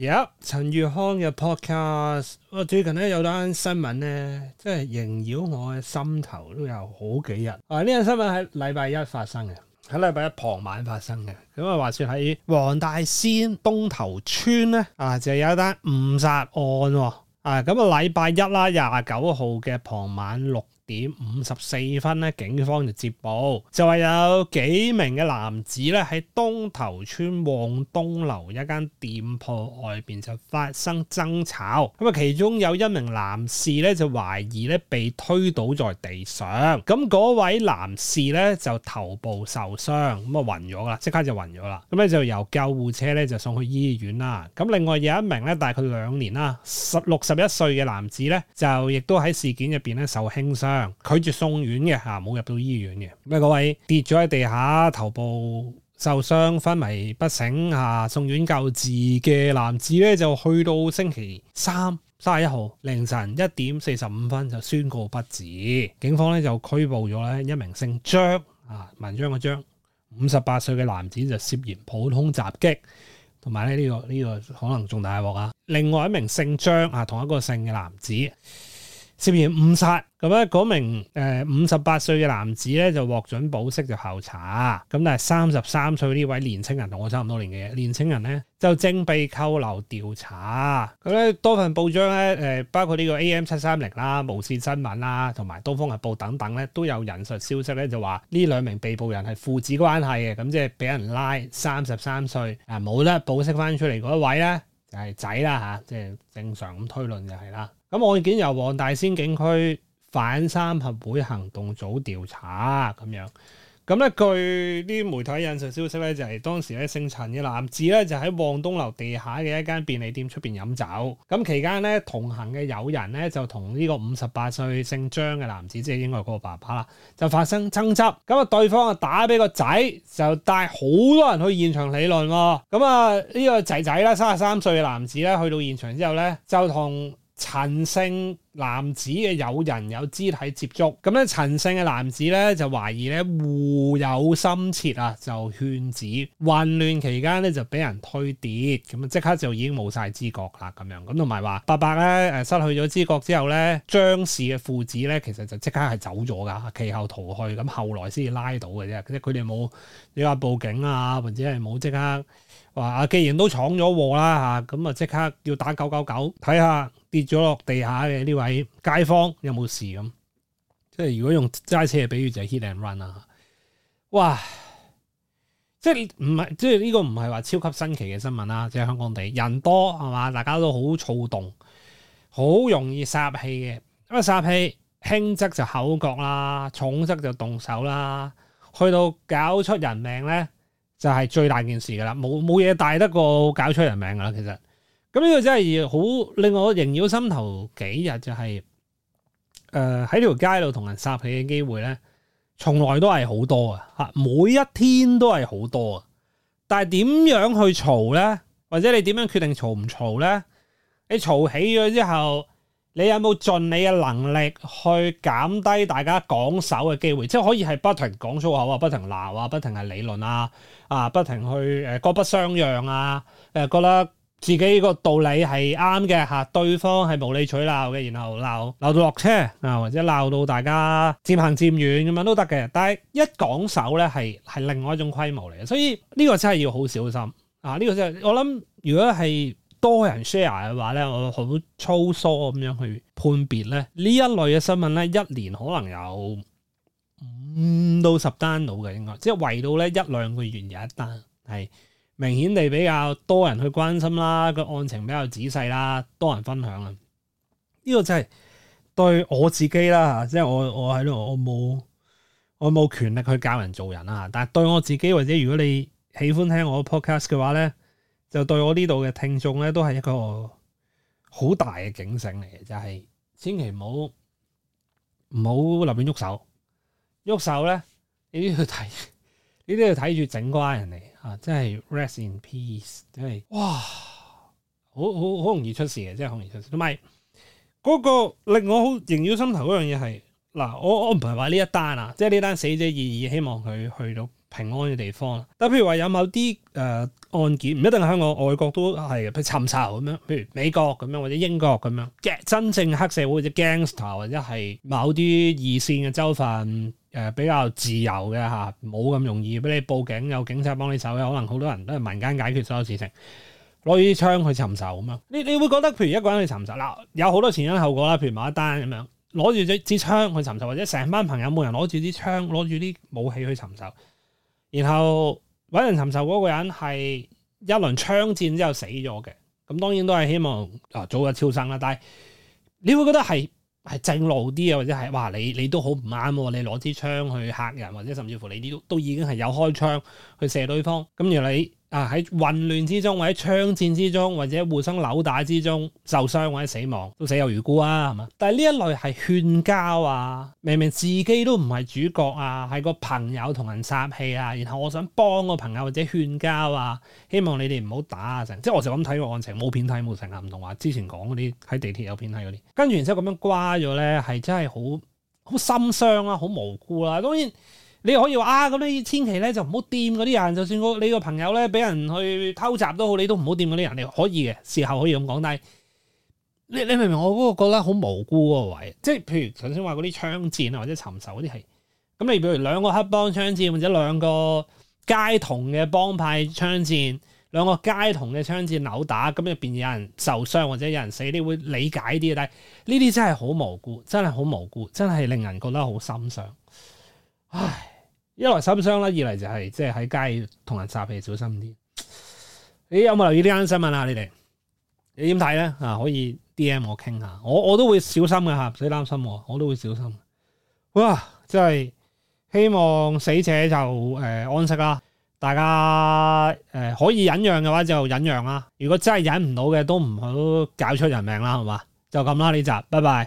有陳玉康嘅 Podcast，我最近咧有單新聞咧，即係縈繞我嘅心頭都有好幾日。啊，呢個新聞喺禮拜一發生嘅，喺禮拜一傍晚發生嘅。咁啊，話說喺黃大仙東頭村咧，啊就有一單誤殺案。啊，咁啊，禮拜一啦，廿九號嘅傍晚六點五十四分咧，警方就接報，就話有幾名嘅男子咧喺東頭村旺東樓一間店鋪外邊就發生爭吵，咁啊，其中有一名男士咧就懷疑咧被推倒在地上，咁嗰位男士咧就頭部受傷，咁啊暈咗啦，即刻就暈咗啦，咁咧就由救護車咧就送去醫院啦，咁另外有一名咧大概兩年啦，十六十一歲嘅男子咧就亦都喺事件入邊咧受輕傷。拒絕送院嘅，吓，冇入到醫院嘅。各位跌咗喺地下，頭部受傷，昏迷不醒吓，送院救治嘅男子咧，就去到星期三三十一號凌晨一點四十五分就宣告不治。警方咧就拘捕咗咧一名姓張啊，文章嘅張，五十八歲嘅男子就涉嫌普通襲擊，同埋咧呢、呢個呢、呢個可能仲大鑊啊。另外一名姓張啊，同一個姓嘅男子。涉嫌誤殺咁咧，嗰名誒五十八歲嘅男子咧就獲准保釋就候查，咁但係三十三歲呢位年青人同我差唔多年嘅嘢，年青人咧就正被扣留調查，咁咧多份報章咧誒包括呢個 AM 七三零啦、無線新聞啦、同埋東方日報等等咧，都有引述消息咧就話呢兩名被捕人係父子關係嘅，咁即係俾人拉三十三歲啊，冇得保釋翻出嚟嗰一位咧。就係仔啦嚇，即係正常咁推論就係啦。咁案件由黃大仙警區反三合會行動組調查咁樣。咁咧，據啲媒體引述消息咧，就係當時咧，姓陳嘅男子咧就喺旺東樓地下嘅一間便利店出面飲酒。咁期間咧，同行嘅友人咧就同呢個五十八歲姓張嘅男子，即係應該係嗰個爸爸啦，就發生爭執。咁啊，對方啊打俾個仔，就帶好多人去現場理論。咁啊，呢個仔仔啦，三十三歲嘅男子咧，去到現場之後咧，就同陳姓男子嘅友人有肢體接觸，咁咧，陳姓嘅男子咧就懷疑咧互有心切啊，就勸止混亂期間咧就俾人推跌，咁啊即刻就已經冇晒知覺啦咁樣，咁同埋話伯伯咧誒失去咗知覺之後咧，張氏嘅父子咧其實就即刻係走咗噶，其後逃去，咁後來先至拉到嘅啫，即係佢哋冇你話報警啊，或者係冇即刻。話啊，既然都闖咗禍啦嚇，咁啊即刻要打九九九，睇下跌咗落地下嘅呢位街坊有冇事咁。即係如果用揸車嘅比喻就係 hit and run 啊。哇！即係唔係即係呢個唔係話超級新奇嘅新聞啦，即係香港地人多係嘛，大家都好躁動，好容易殺氣嘅。咁啊殺氣輕則就口角啦，重則就動手啦，去到搞出人命咧，就係、是、最大件事噶啦，冇冇嘢大得過搞出人命噶啦，其實咁呢個真係好令我縈繞心頭幾日、就是，就係誒喺條街度同人殺氣嘅機會咧，從來都係好多啊，吓每一天都係好多啊，但係點樣去嘈咧，或者你點樣決定嘈唔嘈咧？你嘈起咗之後。你有冇盡你嘅能力去減低大家講手嘅機會？即係可以係不停講粗口啊，不停鬧啊，不停係理論啊，啊，不停去各不相讓啊，覺得自己個道理係啱嘅吓，對方係無理取鬧嘅，然後鬧鬧到落車啊，或者鬧到大家漸行漸遠咁樣都得嘅。但係一講手咧係係另外一種規模嚟嘅，所以呢個真係要好小心啊！呢個真係我諗，如果係。多人 share 嘅話咧，我好粗疏咁樣去判別咧。呢一類嘅新聞咧，一年可能有五到十單到嘅應該，即係圍到咧一兩個月有一單，係明顯地比較多人去關心啦，個案情比較仔細啦，多人分享啦。呢個真係對我自己啦，即係我我喺度，我冇我冇權力去教人做人啦。但係對我自己或者如果你喜歡聽我嘅 podcast 嘅話咧。就對我呢度嘅聽眾咧，都係一個好大嘅警醒嚟嘅，就係、是、千祈唔好唔好立亂喐手，喐手咧，你都要睇，你都要睇住整瓜人嚟啊！即係 rest in peace，即係哇，好好好容易出事嘅，即係好容易出事。同埋嗰個令我好縈繞心頭嗰樣嘢係嗱，我我唔係話呢一單啊，即係呢單死者意義，希望佢去到。平安嘅地方，但譬如話有某啲誒、呃、案件，唔一定係香港，外國都係，譬如尋仇咁樣，譬如美國咁樣，或者英國咁樣嘅真正黑社會或者 gangster，或者係某啲二線嘅州份、呃、比較自由嘅吓，冇、啊、咁容易俾你報警，有警察幫你手嘅，可能好多人都係民間解決所有事情，攞住啲槍去尋仇咁樣。你你會覺得譬如一個人去尋仇嗱，有好多前因後果啦，譬如某一單咁樣，攞住支槍去尋仇，或者成班朋友冇人攞住啲槍，攞住啲武器去尋仇。然後揾人尋仇嗰個人係一輪槍戰之後死咗嘅，咁當然都係希望啊早日超生啦。但係你會覺得係係正路啲啊，或者係哇你你都好唔啱喎，你攞支槍去吓人，或者甚至乎你啲都都已經係有開槍去射對方，咁而你。啊！喺混亂之中，或者槍戰之中，或者互相扭打之中受傷或者死亡都死有餘辜啊，係嘛？但係呢一類係勸交啊，明明自己都唔係主角啊，係個朋友同人殺氣啊，然後我想幫個朋友或者勸交啊，希望你哋唔好打啊成，即係我就咁睇個案情，冇片睇，冇成日唔同話之前講嗰啲喺地鐵有片睇嗰啲，跟住然之後咁樣瓜咗咧，係真係好好心傷啊，好無辜啦、啊，當然。你可以話啊，咁你千祈咧就唔好掂嗰啲人，就算你個朋友咧俾人去偷襲都好，你都唔好掂嗰啲人。你可以嘅事後可以咁講，但係你你明唔明？我嗰個覺得好無辜個位，即係譬如頭先話嗰啲槍戰啊，或者尋仇嗰啲係咁。你譬如兩個黑幫槍戰，或者兩個街童嘅幫派槍戰，兩個街童嘅槍戰扭打，咁入邊有人受傷或者有人死，你會理解啲。但係呢啲真係好無辜，真係好無辜，真係令人覺得好心傷。一嚟心傷啦，二嚟就係即係喺街同人扎嘅小心啲。你有冇留意呢單新聞啊？你哋你點睇咧？啊，可以 DM 我傾下。我我都會小心嘅吓，唔使擔心我，我都會小心。哇！真係希望死者就誒、呃、安息啦。大家誒、呃、可以忍讓嘅話就忍讓啦。如果真係忍唔到嘅，都唔好搞出人命啦，係嘛？就咁啦，呢集，拜拜。